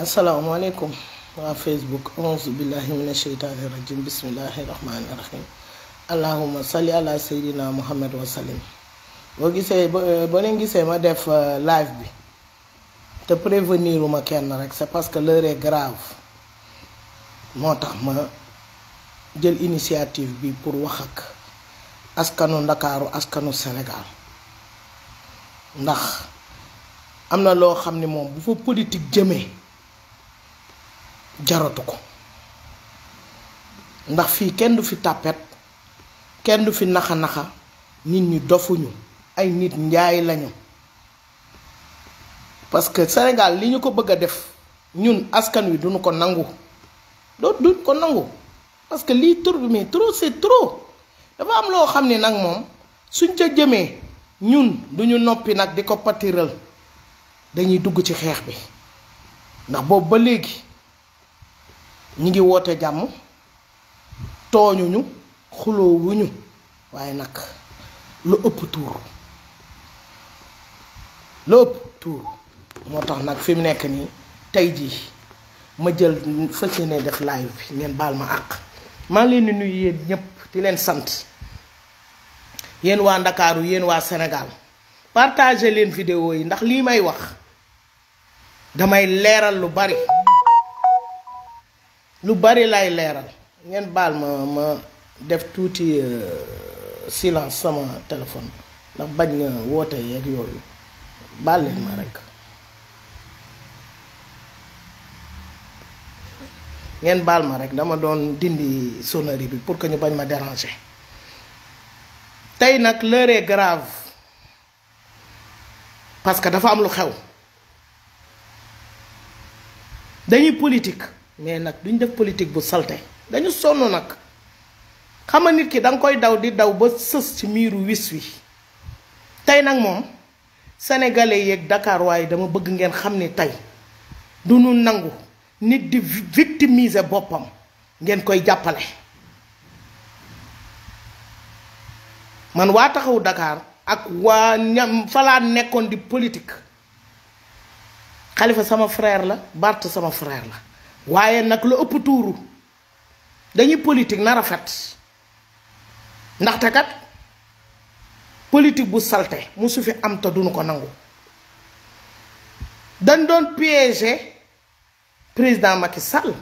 asalaamaaleykum waa facebook auzu billahi mina sheytaani rajim bismillahi rahmaani rahim allahuma salli ala seydina muhammad wa salim boo gisee boo leen gisee ma def live bi te prévenir uma kenn rek c'est parce que l'heure est grave moo tax ma jël initiative bi pour wax ak askanu ndakaaru askanu sénégal ndax am na loo xam ni moom bu fa politique jëmee jaratu ko ndax fii kenn du fi tàppet kenn du fi naxa-naxa nit ñi dofuñu ay nit njaay lañu parce que Sénégal li ñu ko bëgg a def ñun askan wi duñu ko nangu doo duñ ko nangu parce que lii tur bi mais trop c'est trop dafa am loo xam ne nag moom suñ ca jëmee ñun duñu noppi nag di ko patiral dañuy dugg ci xeex bi ndax boobu ba léegi ñi ngi woote jàmm tooñuñu xuloo wuñu waaye nag lu ëpp tuur lu ëpp tuur moo tax nag fi mu nekk nii tey jii ma jël fas yéene def live bi ngeen baal ma àq maa leen di nuyu yéen ñépp di leen sant yéen waa Ndakaaru yéen waa Sénégal partage leen video yi ndax lii may wax damay leeral lu bari lu bari lay leeral ngeen baal ma ma def tuuti euh, silence sama téléphone ndax bañ nga woote yeeg yooyu baal leen ma rekk ngeen baal ma rekk dama doon dindi sonnerie bi pour que ñu bañ ma déranger tey nag l'heure est grave parce que dafa am lu xew dañuy politique mais nag duñ def politique bu salte dañu sonn nag xam nga nit ki danga koy daw di daw ba sës ci miiru wis wi tey nag moom sénégalais yeeg dakaar waaye dama bëgg ngeen xam ni tey du ñu nangu nit di victimiser boppam ngeen koy jàppale man waa taxawu dakaar ak waa ñam falaa nekkoon di politique xalifa sama frère la Bart sama frère la waaye nag la ëpp tuuru dañuy politique na rafet ndaxte kat politique bu salte musu fi am ta duñu ko nangu dañ doon piéger président Macky sal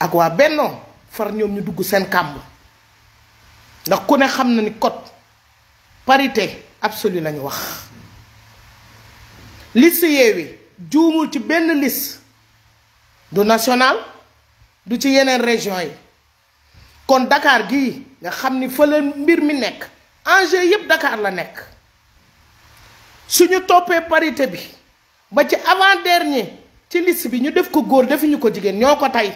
ak waa Bennoo far ñoom ñu dugg seen kàmb ndax ku ne xam na ni code parité absolue lañu wax liste Yewwi juumul ci benn liste du national du ci yeneen région yi kon dakaar gi nga xam ni fële mbir mi nekk enjeu yépp dakaar la nekk suñu toppee parité bi ba ci avant dernier ci liste bi ñu def ko góor defuñu ko jigéen ñoo ko tey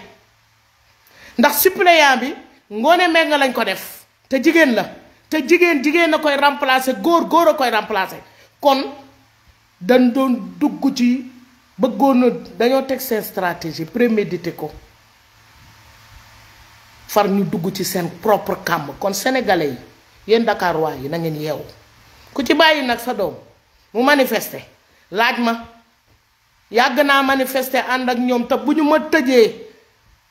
ndax suppléant bi ngoone meng lañ ko def te jigéen la te jigéen jigéen a koy remplacer góor góor a koy remplacer kon dañ doon dugg ci bëggoon na dañoo teg seen stratégie prémédité ko far ñu dugg ci seen propre kàmb kon sénégalais yi yéen Dakar waa yi na ngeen yeewu ku ci bàyyi nag sa doom mu manifester laaj ma yàgg naa manifester ànd ak ñoom te bu ñu ma tëjee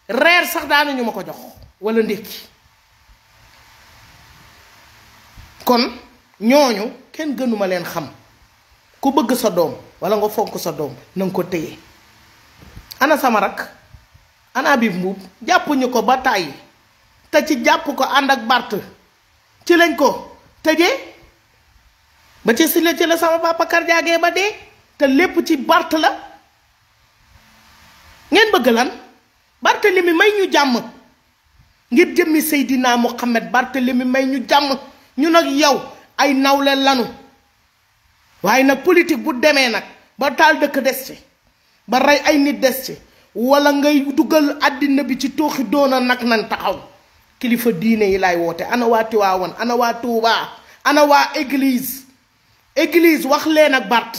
reer sax daanuñu ma ko jox walla ndékki kon ñooñu kenn gënuma leen xam ku bëgg sa doom walla nga fonk sa doom na ko téye ana sama rak ana Habib Mboup jàppuñu ko ba tàyyi te ci jàpp ko ànd ak Bart ci lañ ko tëjee ba ci si la ci la sama papa karjaagee ba dee te lépp ci Bart la ngeen bëgg lan Barthélemy may ñu jàmm ngir jëmmi Seydina Mohamed Barthélemy may ñu jàmm ñu ak yow ay nawle lanu waaye nag politique bu demee nag ba taal dëkk des ci ba rey ay nit des ci wala ngay dugal àddina bi ci tooxi doona nag nan taxaw kilifa diine yi laay woote ana waa Tiwaawan ana waa Tuubaa ana waa église église wax ak Bart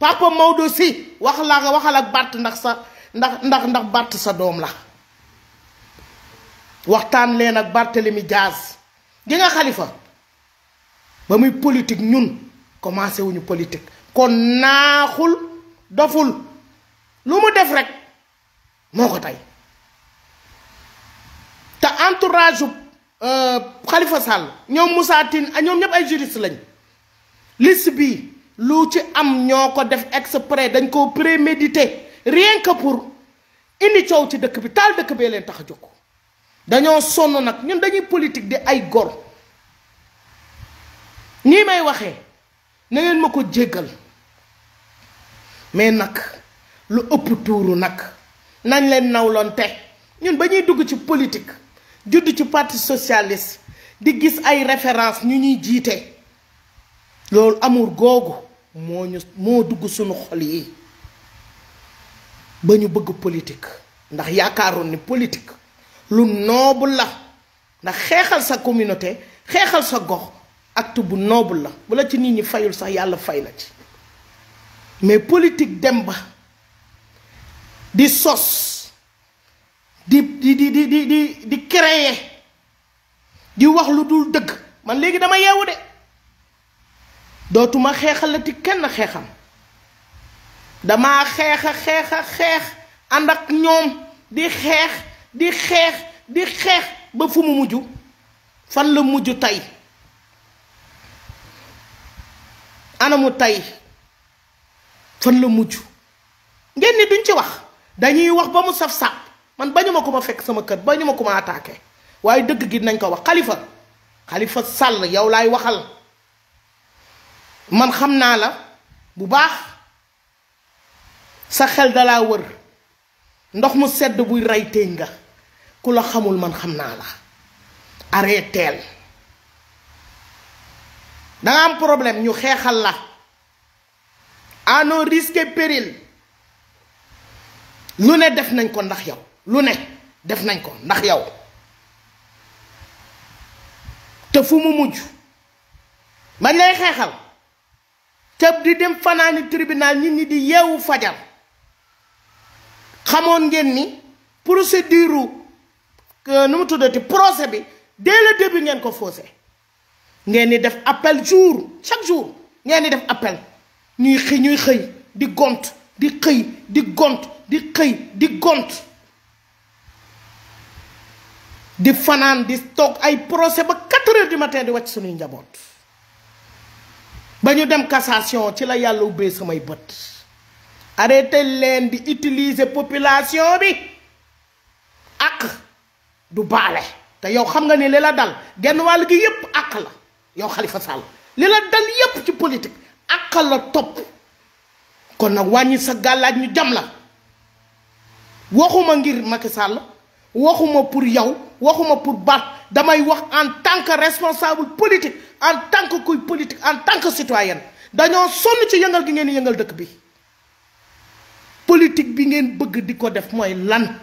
papa Maodo si wax laa waxal ak Bart ndax sa ndax ndax ndax Bart sa doom la waxtaan leen ak Barthélemy Diaz gi nga xalifa ba muy politique ñun commencé wuñu politik kon naaxul doful lu mu def rek moo ko tey te entourage xalifa euh, Sall ñoom Moussa Tine ah, ñoom ñëpp ay juriste lañ list bi lu ci am ñoo ko def exprès dañ koo prémédité rien que pour indi coow ci dëkk bi taal dëkk bee leen tax a jóg dañoo sonn nag ñun dañuy politique di ay gor nii may waxee na ngeen ma ko jéggal mais nag lu ëpp tuuru nag nañ leen nawloon te ñun ba ñuy dugg ci politique judd ci parti socialiste di gis ay référence ñu ñuy jiite loolu amul googu moo ñu moo dugg suñu xol yi ba ñu bëgg politique ndax yaakaaroon ni politique lu noobu la ndax xeexal sa communauté xeexal sa gox acte bu noobu la bu la ci nit ñi fayul sax yàlla fay la ci mais politique dem ba di sos di di di di di di di créer di wax lu dul dëgg man léegi dama yeewu de dootuma xeexalati kenn xeexam dama xeexa xeexa xeex ànd ak ñoom di xeex di xeex di xeex ba fu mu mujj fan la mujj tey anamu tey fan la muccu ngeen ni duñ ci wax dañuy wax ba mu saf sap man bañuma ko ma fekk sama kër bañuma ko ma attaquer waye deug gi nañ ko wax khalifa khalifa sall yow lay waxal man xamna la bu baax sa xel la wër ndox mu sedd buy ray téñ nga la xamul man xamna la arrêtel da nga am problème ñu xéxal la à nos risques et périls lu ne def nañ ko ndax yow lu ne def nañ ko ndax yow te fumu mu mujj man lay xexal. te di dem fanani tribunal nit ni di yeewu fajar Xamone ngeen ni procédure nu numu tudati procès bi dès le début ngeen ko fausser. ngeen ni def appel jour chaque jour ngeen ni def appel ñuy xëy ñuy xëy di gont di xëy di gont di xëy di gont di fanaan di toog ay procès ba quatre heures du matin di wàcc suñuy njaboot ba ñu dem cassation ci la yàlla ubbee samay bët arrêté leen di utiliser population bi ak du baale te yow xam nga ni li la dal genn wàll gi yépp àq la yow xalifa Sall li la dal yépp ci politique aka la topp kon nag wàññi sa gàllaaj ñu jam la waxuma ngir Macky Sall waxuma pour yow waxuma pour baat damay wax en tant que responsable politique en tant kuy politique en tant que citoyen dañoo sonn ci yëngal gi ngeen yëngal dëkk bi politique bi ngeen bëgg di ko def mooy lan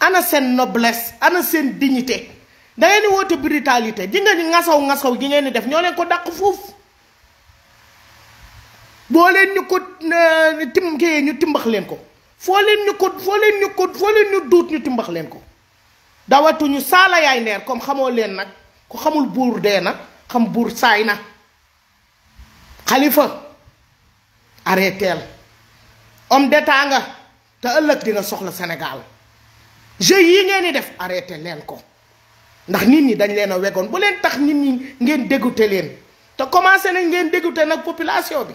ana seen noblesse ana seen dignité da ngeen di woote brutalité ji ngeen di ngasaw ngasaw gi ngeen di def ñoo leen ko dàq foofu boo leen ñu ko euh, tim kiyee timbax leen ko foo leen ñu ko foo leen ñu ko foo leen ñu duut ñu timbax leen ko dawatuñu saala yaay ndeer comme xamoo leen nag ku xamul buur dee na xam buur saay na xalifa arrêteel homme d'état nga te ëllëg di soxla Sénégal jeu yi ngeen di def arrêté leen ko ndax nit ñi dañ leen a wegoon bu leen tax nit ñi ngeen dégoûté leen te commencé nañ ngeen dégoûté nag population bi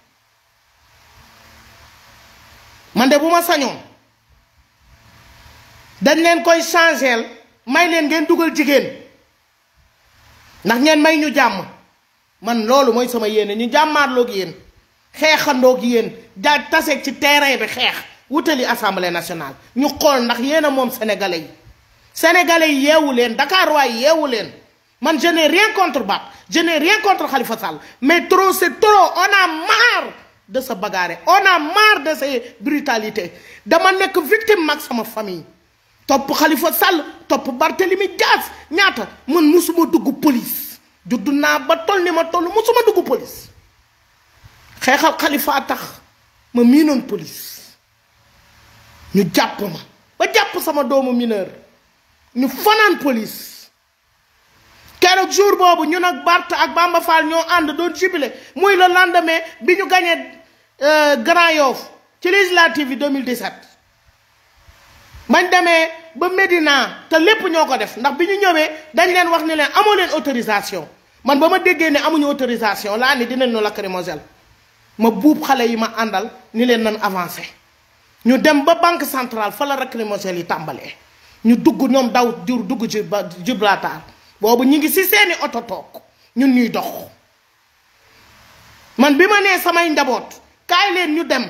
man de bu ma sañoon dañ leen koy changel may leen ngeen dugal jigéen ndax ngeen may ñu jàmm man loolu mooy sama yéene ñu jàmmaarloog yéen xeexandoog yéen daal tase ci terrain bi xeex wutali assemblée nationale ñu xool ndax yéen a moom sénégalais yi sénégalais yi yeewu leen Dakar yeewu leen man je n'ai rien contre Ba je n'ai rien mais trop c'est trop on a marre de se bagarrer on a marre de dama nekk victime mag sama famille topp xalifa Sall topp Barthélemy Dias ñaata mën musuma dugg police judd naa ba toll ni ma toll musuma dugg police xeexal Khalifa tax ma miinoon police ñu jàpp ma ba jàpp sama doomu mineur ñu fanaan police keroog jour boobu ñun ak Bart ak Bamba Fall ñoo ànd doon jubilé muy la lendemain bi ñu gañee Euh, Grand Yoff ci yi mille bi 2017 bañ demee ba Médina te lépp ñoo ko def ndax bi ñu ñëwee dañ leen wax ni leen amoo autorisation man ba ma déggee ne amuñu autorisation laa ni dinañ nu lacrymogène ma buub xale yi ma àndal ni leen nan avancé ñu dem ba banque centrale fa la lacrymogène yi tàmbalee ñu dugg ñoom daw jur dugg ci Gibraltar boobu ñu ngi si seeni oto toog ñun ñuy dox man bi ma nee samay njaboot kaay leen ñu dem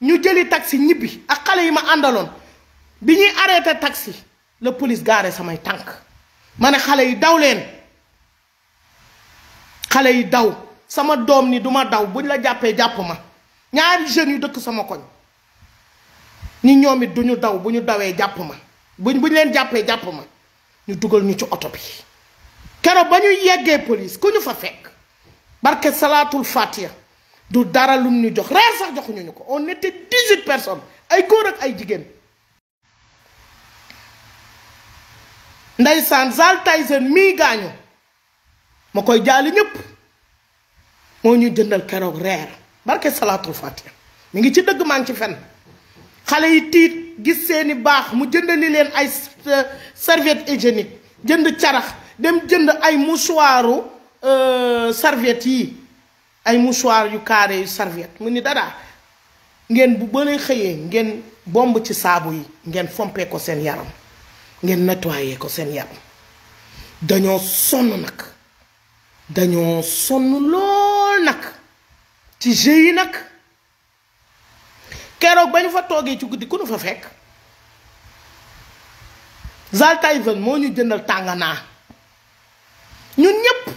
ñu jëli taksi ñibbi ak xale yi ma àndaloon bi ñuy arrêté taxi la police gaare samay tànk ma ne xale yi daw leen xale yi daw sama doom ni duma daw buñ la jàppee jàpp ma ñaari jeunes yu dëkk sama koñ ñi ñoom it duñu daw bu ñu dawee jàpp ma buñ buñ leen jàppee jàpp ma ñu dugal ñu ci oto bi keroog ba ñu yeggee police ku ñu fa fekk barke salaatul fatiha du dara lum ñu jox reer sax joxuñu ñu ko on était dix-huit personnes ay góor ak ay jigéen ndeysaan Zal Tyson mii gaañu ma koy jaale ñëpp moo ñu jëndal keroog reer barke salaatul fatiha mi ngi ci dëgg maa ngi ci fen xale yi tiit gis seeni baax mu jënd jëndali leen ay euh, serviette hygiénique jënd carax dem jënd ay mouchoiru euh, serviette yi ay mouchoir yu carré yu serviette mu ni dadaa ngeen bu bëri xëyee ngeen bomb ci saabu yi ngeen fompee ko seen yaram ngeen nettoyé ko seen yaram dañoo sonn nag dañoo sonn lool nag ci jeu yi nag keroog ba ñu fa toogee ci guddi ku nu fa fekk Zaltayven moo ñu jëndal tànganaa ñun ñépp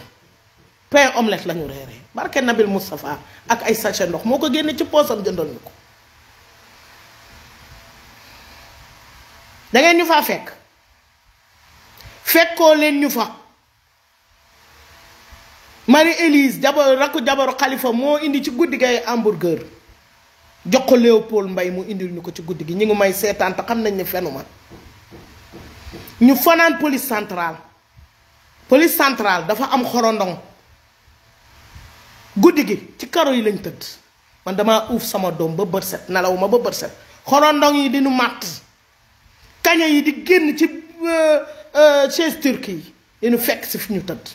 pain omelette la ñu reeree barke Nabil Moustapha ak ay sachet ndox moo ko génne ci poosam jëndal ñu ko dangeen ñu faa fekk fekkoo leen ñu fa Marie Élise jabar rakku jabaru xalifa moo indi ci guddi gay hamburger jox ko Léopold Mbaye mu indil ñu ko ci guddi gi ñu ngi may seetaan te xam nañ ne fenuma ñu fanaan police centrale police centrale dafa am xorondong guddi gi ci karo yi lañ tëdd man dama uuf sama doom ba bët set nelaw ma ba bët set xorondong yi di nu màtt kaña yi di génn ci euh, euh, chaise turque yi di fekk si fi ñu tëdd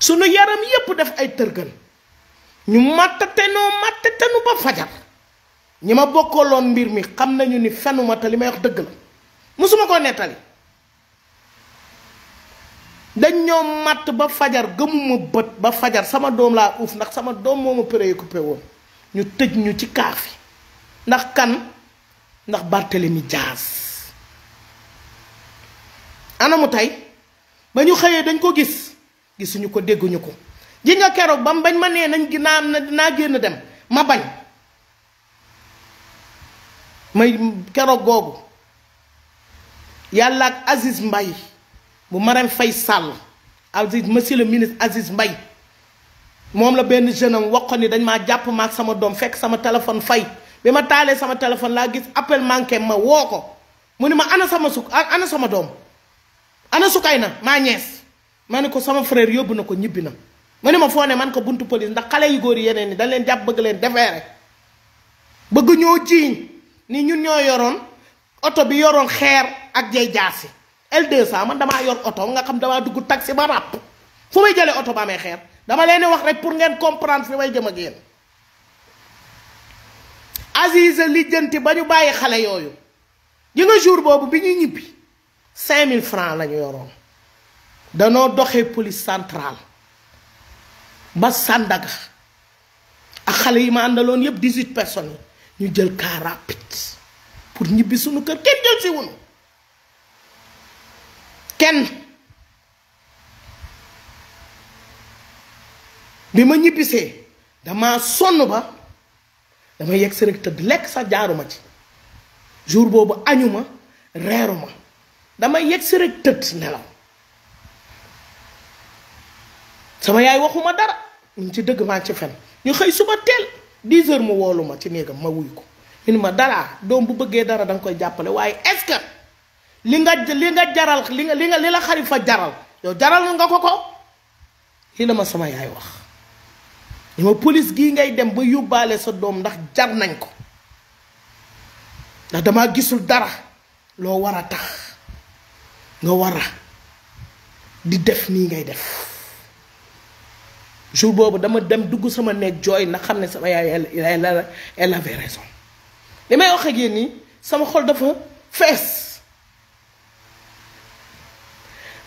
sunu yaram yépp def ay tërgën ñu màttate noo màttate nu ba fajar ñi ma bokkaloon mbir mi xam nañu ni fenuma te li may wax dëgg la musuma ko nettali dañ ñoo màtt ba fajar gëmuma bët ba fajar sama doom laa uuf ndax sama doom përe ma préoccupé woon ñu tëj ñu ci kaafi ndax kan ndax Barthélemy Dias anamu tey ba ñu xëyee dañ ko gis gisuñu ko dégguñu ko ji nga keroog bam bañ ma nee nañ naa naa génn dem ma bañ may keroog googu yàlla ak Aziz Mbaye bu Marème Faye Sall Aziz monsieur le ministre Aziz Mbaye moom la benn jeune am ni dañ maa jàpp maak sama doom fekk sama téléphone fay bi ma taalee sama téléphone laa gis appel manqué ma woo ko mu ni ma ana sama su ana sama doom ana sukay na maa ñees ma ne ko sama frère yóbbu na ko ñibbi na ma ne ma foo man ko buntu police ndax xale yu góor yeneen ni dañ leen jàpp bëgg leen defeere bëgg ñoo jiiñ ni ñun ñoo yoroon oto bi yoroon xeer ak jay jaasi L200 man damaa yor oto nga xam damaa dugg taxi ba ràpp fu may jëlee oto ba amee xeer dama leen wax rek pour ngeen comprendre fi may jëm ak yéen Aziza lijjanti ba ñu bàyyi xale yooyu ji nga jour boobu bi ñuy ñibbi 5000 francs la ñu yoroon danoo doxee police centrale ba Sandaga ak xale yi ma àndaloon yëpp 18 personnes personne ñu jël car rapide pour ñibbi suñu kër kenn jël si wuñu kenn bi ma ñibbisee dama sonn ba damay yegg si rek tëdd lekk sax jaaruma ci jour boobu añuma reeruma dama yegg si rek tëdd nelaw sama yaay waxuma dara ñu ci dëgg maa ci fen ñu xëy suba teel 10 heures mu wooluma ci néegam ma wuyu ko ñu ma dara doom bu bëggee dara danga koy jàppale waaye est li nga li nga jaral li nga li la fa jaral yow jaral nga ko ko lii la ma sama yaay wax li ma police gii ngay dem ba yóbbaale sa doom ndax jar nañ ko ndax damaa gisul dara loo war a tax nga war a di def nii ngay def jour boobu dama dem dugg sama nekk jooy na xam ne sama yaay elle avait la li may wax ak yéen nii sama xol dafa fees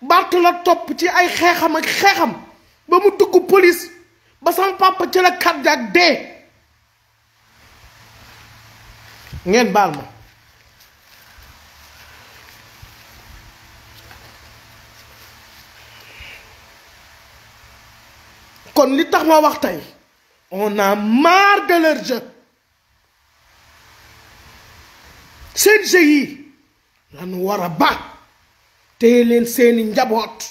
Bart la top ci ay xexam ak xexam ba mu dugg police ba sama papa ci la de, dee ngeen bal ma kon li tax ma wax tay on a marre de leur jeu seen jeu lan wara ba téye leen seeni njaboot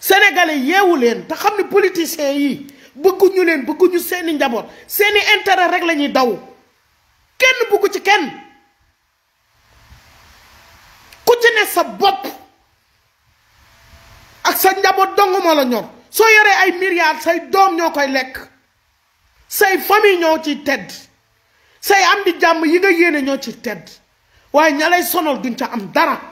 sénégalais yeewu leen te xam ne politiciens yi bëgguñu leen bëgguñu seeni njaboot seeni intérêt rek lañuy daw kenn bëggu ci kenn ku ci ne sa bopp ak sa njaboot dong moo la ñor soo yoree ay milliards say doom ñoo koy lekk say famille ñoo ciy tedd say am di jàmm yi nga yéene ñoo ciy tedd waaye ña lay sonal duñ ca am dara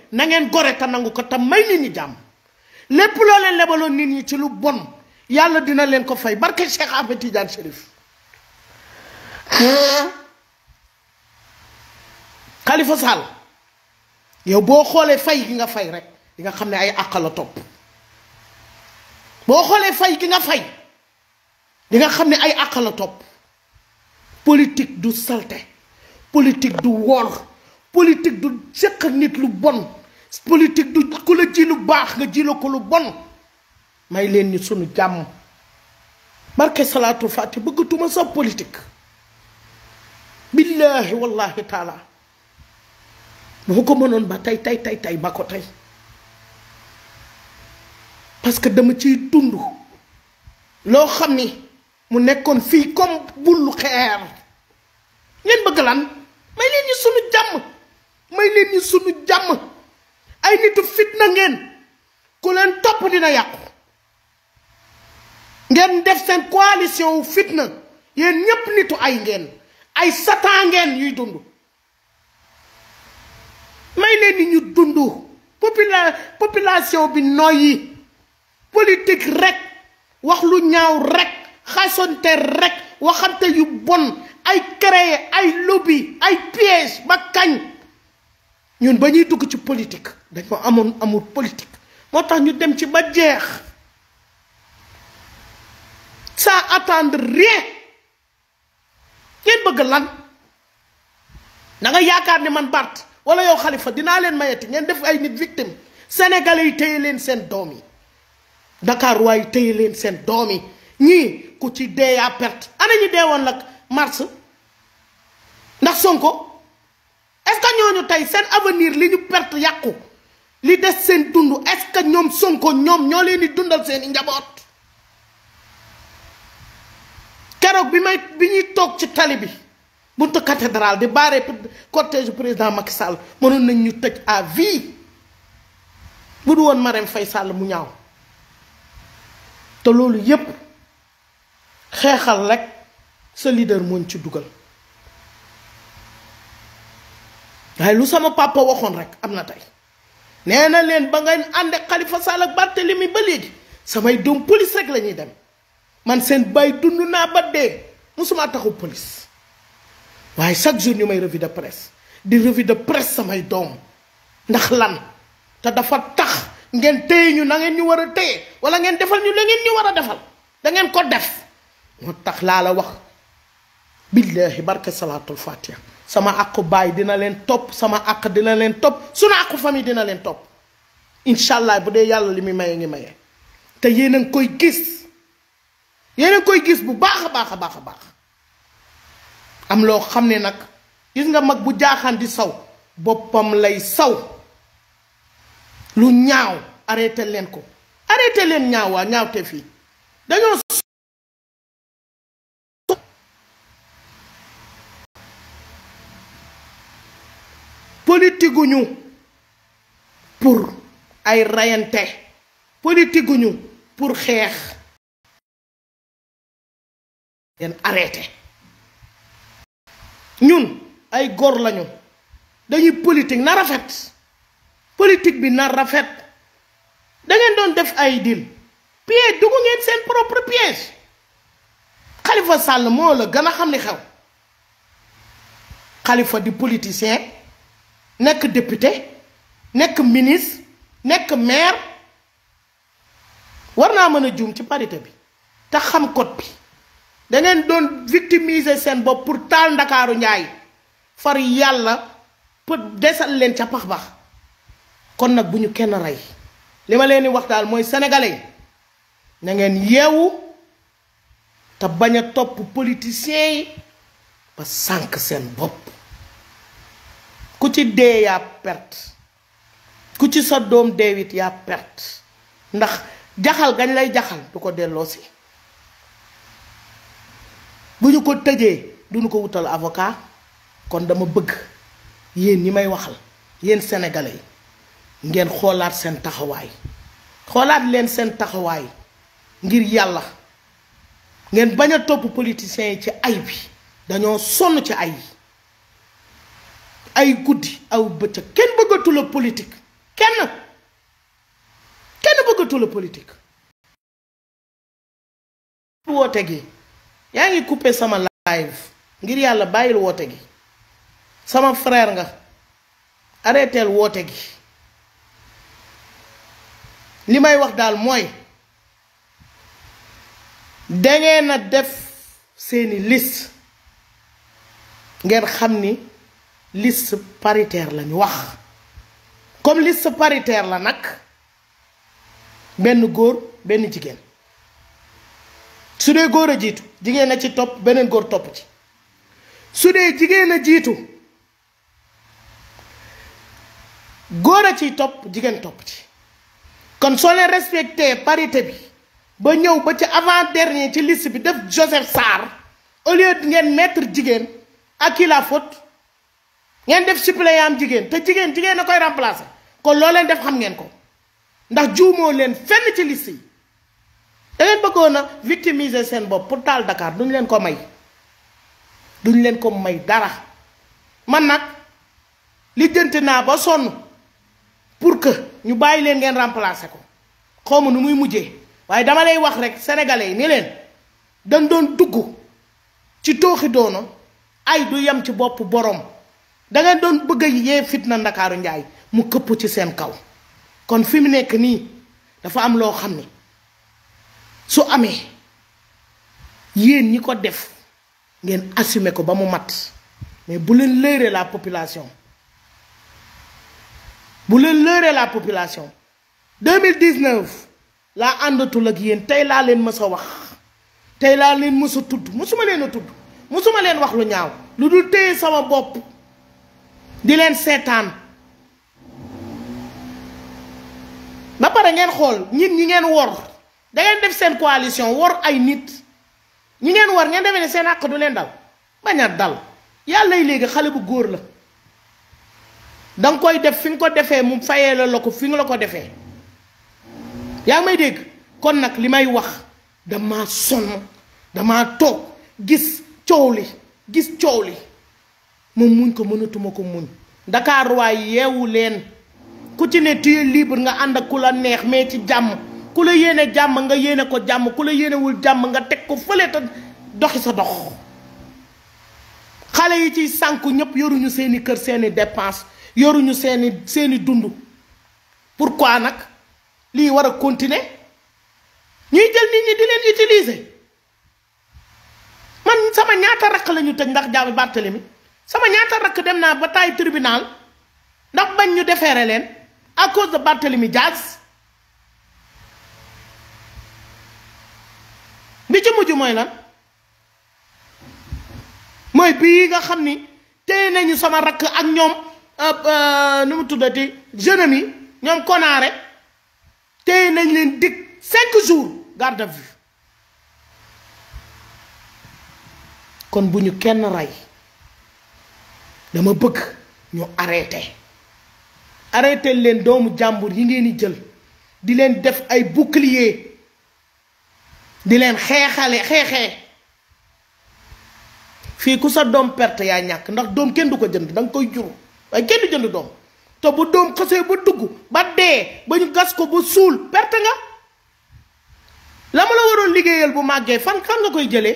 nangeen ngeen gore te nangu ko tam may nit ñi jàmm lépp loo leen lebaloon nit ñi ci lu bon yàlla dina leen ko fay barke Cheikh Ahmed Tidiane Chérif Khalifa yow boo xoolee fay gi nga fay rek di nga xam ne ay àq la topp boo xoolee fay gi nga fay di nga xam ne ay àq la du salte politique du wool politique du jëkk nit lu bon politique du ku la ji lu baax nga ji la ko lu bon may leen ñu sunu jàmm barke salaatul fati bëggatuma sa politique billaahi wallahi taala bu ko mënoon ba tey tey tey tey ba ko tey parce que dama ciy dund loo xam ni mu nekkoon fii comme bulu xeer ngeen bëgg lan may leen ñu sunu jàmm may leen sunu jàmm ay nitu fitna ngeen ku leen topp dina yàqu ngeen def seen coalition fitna yéen ñépp nitu ay ngeen ay satan ngeen yuy dund may leen ni ñu dund popula population bi noyyi politique rek wax lu ñaaw rek xasonte rek waxante yu bon ay créer ay lobby ay piège ba kañ ñun ba ñuy dugg ci politique dañoo amoon amul politik moo tax ñu dem ci ba jeex sa attendre rien ngeen bëgg lan da yaakaar ne man Bart wala yow xalifa dinaa leen mayati ngeen def ay nit victime sénégalais yi téye leen seen doom yi Dakar waaye téye leen seen doom yi ñii ku ci dee yaa perte ana ñu dee woon nag mars ndax Sonko. est que ñooñu tey seen avenir li ñu perte yàqu li des seen dund est ñoom Sonko ñoom ñoo leen di dundal seen i njaboot keroog bi may bi ñuy toog ci tali bi buntu cathédrale di baare cortège président Macky Sall mënoon nañ ñu tëj à vie bu du woon Marème fay sàll mu ñaaw te loolu yépp xeexal rek sa leader mooñ ci dugal waaye lu sama papa waxon rek amna tay neena len ba ngeen ande khalifa xalifa Sall ak samay dom police rek lañuy dem man sen bay dundu na ba de musuma taxu police waye chaque jour ñu may revue de presse di revue de presse samay dom ndax lan ta dafa tax ngeen tey ñu na ngeen ñu wara tey wala ngeen defal ñu la ngeen ñu wara defal da ngeen ko def tax la wax billahi salatul fatiha sama àqu baay dina leen topp sama àq dina leen topp sunu àqu famille dina leen topp incha allah bu dee yàlla li muy maye ngi maye te yéen a koy gis yéen koy gis bu baax a baax a baax a baax am loo xam ne nag gis nga mag bu jaaxaan di saw boppam lay saw lu ñaaw arrêté leen ko arrêté leen ñaaw waa ñaawte fii politikuñu pour ay rayante politikuñu pour xeex leen arrêté ñun ay góor lañu dañuy politique na rafet politique bi na rafet da ngeen doon def ay dil piège dugg ngeen seen propre piège Khalifa Sall moo la gën a xam ni xew Khalifa di politicien Nek député nek ministre nek maire warna naa mën ci parité bi ta xam code bi da ngeen doon victimiser sen bop pour tal dakaru njaay far yalla pour dessal len ci pax bax kon nak buñu kenn ray lima leni wax dal moy sénégalais na ngeen yewu ta baña top politiciens ba sank sen bop ku ci dé ya perte ku ci sa dé wit ya perte ndax jaxal gañ lay jaxal duko ko delloo si ko tejé duñu ko wutal avocat kon dama bëgg yeen ñi may waxal yeen sénégalais ngeen xolaat sen taxaway xolaat leen sen taxaway ngir yalla ngeen baña top politiciens ci ay bi dañoo sonu ci ay ay guddi aw bëccëg kenn bëggatul a kenn kenn bëggatul a woote gi yaa ngi coupé sama live ngir yàlla bàyyil woote gi sama freer nga arrêteel woote gi li may wax daal mooy dangeen def seeni liste ngeen xam ni liste paritaire lañu wax comme liste paritaire la nag benn góor benn jigéen su dee góor a jiitu jigéen a ci topp beneen góor topp ci su dee jigéen a jiitu góor a ciy topp jigéen topp ci kon soo leen respecté parité bi ba ñëw ba ci avant dernier ci liste bi def Joseph Sarr au lieu ngeen mettre jigéen ak qui la ngeen def suppléant am jigéen te jigéen jigéen a koy remplacer kon loo def xam ngeen ko ndax juumoo leen fenn ci liste yi da ngeen bëggoon a seen bopp pour taal Dakar duñ leen ko may duñ leen ko may dara man nag lijjanti naa ba sonn pour que ñu bàyyi leen ngeen remplacer ko xaw ma nu muy mujjee waaye dama lay wax rek sénégalais yi ni leen dañ doon dugg ci tooxi doono ay du yem ci bopp boroom da doon bëgg a yee fitna ndakaaru njaay mu këppu ci seen kaw kon fi mu nekk nii dafa am loo xam ni su amee yéen ñi ko def ngeen assumer ko ba mu mat mais bu leen leurrer la population bu leen leurrer la population 2019 laa àndatul ak yéen tey laa leen mës wax tey laa leen mës tudd mësuma leen a tudd mësuma leen wax lu ñaaw lu dul téye sama bopp di len setan ba pare ngeen xol nit ñi ngeen wor da ngeen def sen coalition wor ay nit ñi ngeen wor ngeen defee ne seen àq du len dal baña dal yalla yi legi xale bu goor la dang koy def fi nga ko defé mu fayé la lako fi la ko defee may deg kon nak limay wax dama son dama tok gis ciowli gis ciowli ma muñ ko mënatuma ko muñ Dakar waay yeewu leen ku ci ne tu libre nga ànd ak ku la neex mais ci jàmm ku la yéene jàmm nga yéene ko jàmm ku la yéenewul jàmm nga teg ko fële te doxi sa dox xale yi ci sànku ñëpp yoruñu seeni kër seeni dépense yoruñu seeni seeni dund pourquoi nag lii war a continuer ñuy jël nit ñi di leen utiliser man sama ñaata rakk la ñu tëj ndax jaabi Barthélemy sama ñaata rakk dem naa ba taay tribunal ndax bañ ñu defeere leen à cause de Barthélemy Diaz bi ci mujj mooy lan mooy bii nga xam ni téye nañu sama rakk ak ñoom euh, euh, nu mu tuddati jeune yi ñoom konaare téye nañ leen dig cinq jours garde à kon bu ñu kenn rey dama bëgg ñu arrêté arrêté leen doomu jàmbur yi ngeen di jël di leen def ay bouclier di leen xeexale xeexee fii ku sa doom perte yaa ñàkk ndax doom kenn du ko jënd danga koy jur waaye kenn du jënd doom te bu doom xasee bu dugg ba dee ba ñu gas ko ba suul perte nga la ma la waroon liggéeyal bu màggee fan xam nga koy jële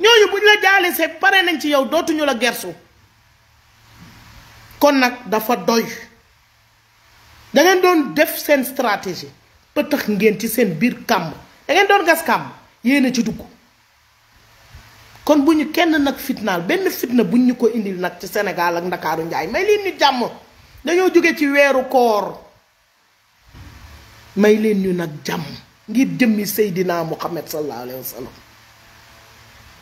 ñooñu bu ñu la jaale see pare nañ ci yow dootuñu la gersu kon nag dafa doy da doon def seen stratégie ba tax ngeen ci seen biir kàmb da ngeen doon gas kàmb yéene ci dugg kon bu ñu kenn nag fitnaal benn fitna bu ñu ko indil nag ci senegaal ak Ndakaaru Njaay may leen ñu jàmm dañoo jóge ci weeru koor may leen ñu nag jàmm ngir jëmmi Seydina Muhammad sallallahu alayhi wa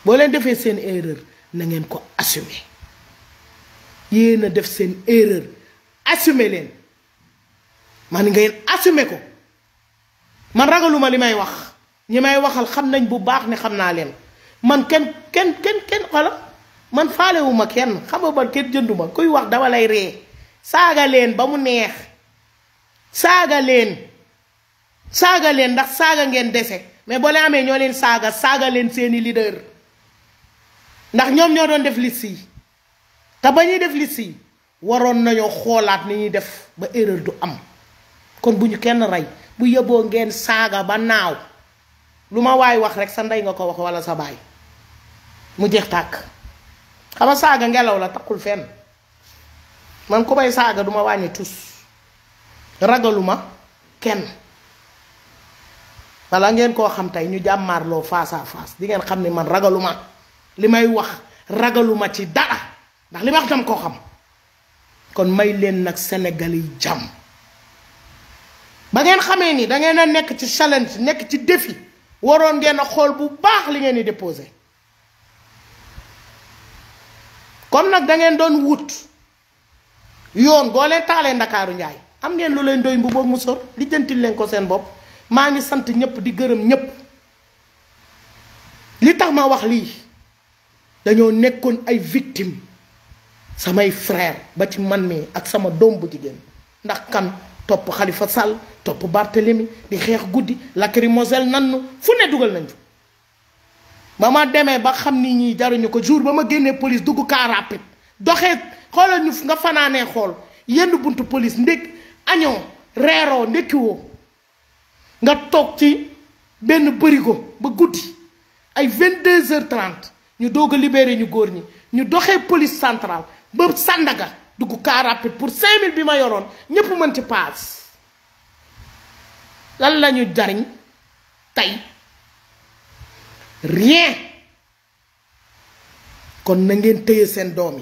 boo leen defee seen erreur na ngeen ko assumer yéen a def seen erreur assumer leen man ngeen assumer ko man ragaluma li may wax ñi may waxal xam nañ bu baax ne xam naa leen man kenn kenn kenn kenn xala man faalewuma kenn xam kenn jënduma kuy wax dama lay ree saaga leen ba mu neex saaga leen saaga leen ndax saaga ngeen dese mais boo leen amee ñoo leen saaga saaga leen seeni leader ndax ñoom ñoo doon def liste yi ta bañi def li yi waron nañu xolaat ni def ba erreur du am kon buñu Ken kenn ray bu yeboo ngeen saga ba naw luma way wax rek sa nday nga ko wax wala sa bay mu jeex tak xama saga ngelaw la takul fen man ku bay saga duma wañi tus ragaluma kenn bala ngeen ko xam tay ñu lo face à face di ngeen xam ni man ragaluma limay wax ragaluma ci dara ndax li ma wax ham, xam kon may len nak sénégalais jam ba ngeen xamé ni da ngeen nek nekk ci challenge nekk ci défi waron ngeen xol bu baax li ngeen di comme nak da ngeen don wut yoon boo le talé dakaru njaay am ngeen lu leen doy mbu boog li jentil leen ko seen bop ma ngi sant ñëpp di gërëm nyep. li tax ma wax li dañoo nekkon ay victime sama frère ba ci man ak sama ndax kan top Khalifa Sall top di xex homme La nannu fune dugal ba ñi jaruñu ko jour un homme police car rapide doxé nga fanané xol yenn buntu police ndég añoo Nekio. wo nga tok ci Ben ba Goudi. ay 22 h 30 ñu libéré ñu gorñi ñu police centrale ba Sandaga dugg car rapide pour 5000 bi ma yoroon ñépp mën ci paas lan lañu jariñ tey rien kon na ngeen téye seen doom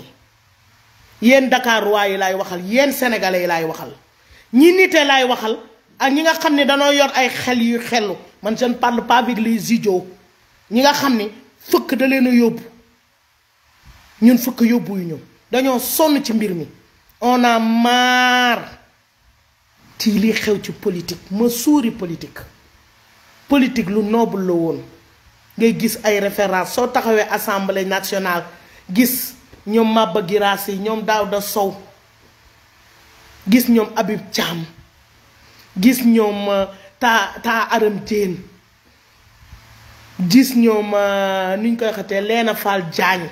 yi yéen Dakar waa yi laay waxal yéen sénégalais yi lay waxal ñi nite laay waxal ak ñi nga xam ni danoo yor ay xel yu xelu man seen ne parle pas avec ñi nga xam ni fëkk daleena yóbbu ñun fëkk yóbbu yu ñëw dañoo sonn ci mbir mi on a marre xew ci politique ma suuri politique politik lu noble la woon ngay gis ay référence soo taxawee assemblée nationale gis ñoom Maba Guirassy ñoom Daouda Sow gis ñoom Habib Thiam gis ñoom euh, taa taa aram gis ñoom euh, nuñ koy xatee Léna Fall jaañ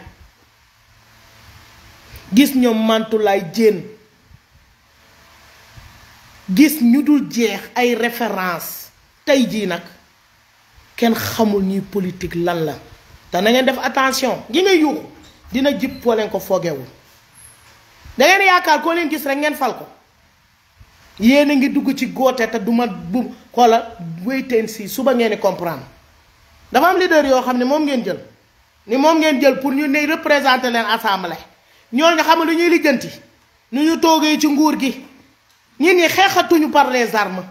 gis ñoom mantulaay jéen gis ñu dul jeex ay référence tey jii nag kenn xamul ñuy politique lan la te na ngeen def attention gi nga yuuxu dina jib foo leen ko foogewul da ngeen yaakaar koo leen gis rek ngeen fal ko yéen a ngi dugg ci góote te du ma bu xoola wéyteen si suba ngeen di comprendre dafa am leader yoo xam ne moom ngeen jël ni moom ngeen jël pour ñu ne représenté leen assemblée Nous xam ne dañuy lijjanti ñu ñu toogee ci nguur gi ñi ni xéxatuñu par les armes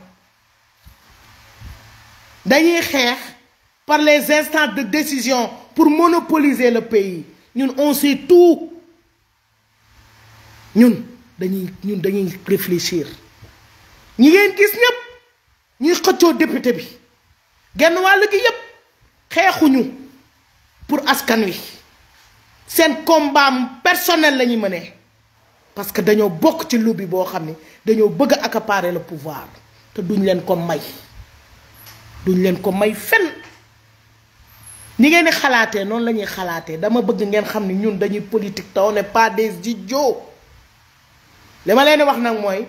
dañuy xéx par les instants de décision pour monopoliser le pays Nous, on sait tout ñun dañuy ñun dañuy réfléchir ñi ngeen gis Nous, ñi xëccoo député bi genn wàll gi yëpp pour askan seen combat personnel lañuy ñu mënee parce que dañoo bokk ci lobby boo xam ne dañoo bëgg a accaparer le pouvoir te duñ leen ko may duñ leen ko may fenn ni ngeen di xalaatee noonu la ñuy xalaatee dama bëgg ngeen xam ni ñun dañuy politique te ne n'est des idiots li ma leen di wax nag mooy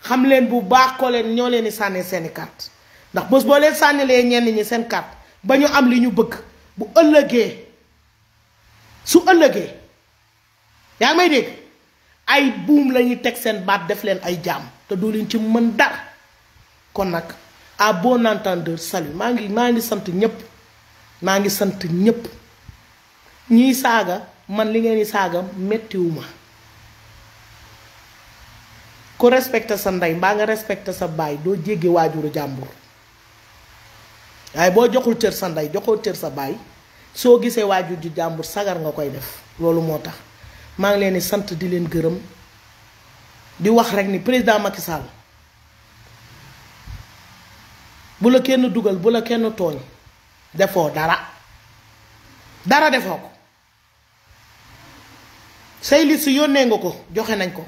xam leen bu baax ko leen ñoo leen di sànni seeni carte ndax bés boo leen sànnilee ñenn ñi seen carte ba ñu am li ñu bëgg bu ëllëgee. su ëllëgee yaa may dégg ay buum lañuy teg seen baat def leen ay jàmm te du leen ci mën dara kon nag à bon entendeur salut maa ngi maa ngi sant ñëpp maa ngi sant ñëpp ñiy saaga man li ngeen di saaga méttiwu ma ku respecté sa ndey mbaa nga respecté sa baay doo jéggi waajuru jàmbur waaye boo joxul cër sa ndey joxoo cër sa baay. soo gisee waa jur ju jàmbur sagar nga koy def loolu moo tax maa ngi leen di sant di leen gërëm di wax rek ni président Macky Sall bu la kenn dugal bu la kenn tooñ defoo dara dara defoo ko say liste yónnee nga ko joxe nañ ko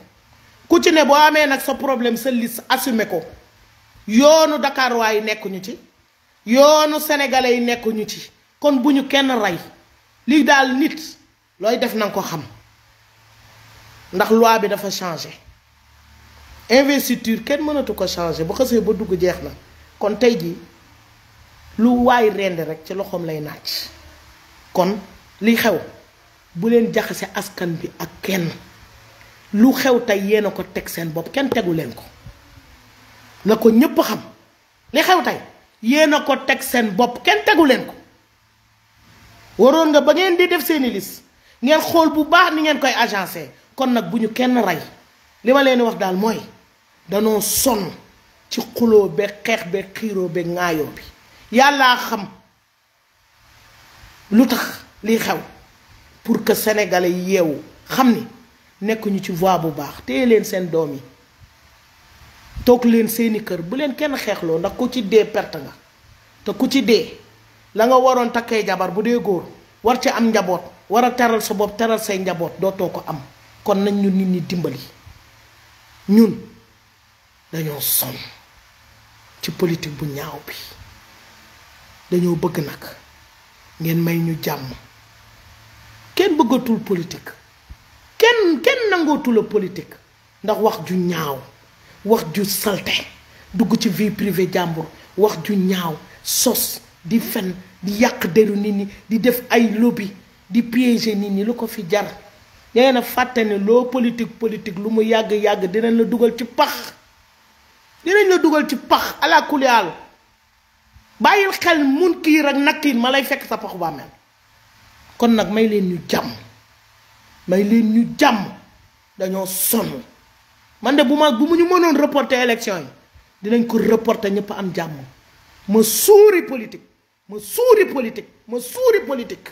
ku ci ne boo amee nag sa problème sa liste assumé ko yoonu Dakar waayu nekkuñu ci yoonu sénégalais yi nekkuñu ci kon buñu kenn ray li dal nit loy def nang ko xam ndax loi bi dafa changer investiture kenn mënatu ko changer bu xasee ba dugg jeexna kon tayji lu way rend rek ci loxom lay naaj kon li xew bu len jaxase askan bi ak kenn lu xew tay yena ko tek sen bop ken tegu leen ko nako ñepp xam li xew tay yena ko tek sen bop ken tegu leen ko waroon nga ba ngeen di def seen liste ngeen xool bu baax ni ngeen koy agencé kon nag bu ñu kenn rey li ma leen wax daal mooy danoo sonn ci xuloo be xeex be xiiroo be ngaayoo bi yàllaa xam lu tax lii xew pour que sénégalais yi yeewu xam ni nekkuñu ci voie bu baax téye leen seen doom yi toog leen seeni kër bu leen kenn xeexloo ndax ku ci dee perte nga te ku ci dee la nga waroon takkee jabar bu dee góor war ci am njaboot war a teral sa bopp teral say njaboot dootoo ko am kon nañ ñu nit ñi dimbali ñun dañoo sonn ci politique bu ñaaw bi dañoo bëgg nag ngeen may ñu jàmm kenn bëggatul politique kenn kenn nangootul politik ndax wax ju ñaaw wax ju salte dugg ci vie privée jàmbur wax ju ñaaw sos di fen di yak deru nini di def ay lobby di piéger nini lu ko fi jar politik politik fàtte ne loo politique politique lu mu yag yag dinañ la dugal ci pax dinañ la dugal ci pax ala kulial bayil xel mun kiir ak nakkiin malay fekk sa ba mel kon nak may leen ñu jam may leen ñu jam dañu son man de buma bu ñu mënon reporter élection yi dinañ ko reporter ñepp am jam ma souri politique ma suuri politique ma suuri politique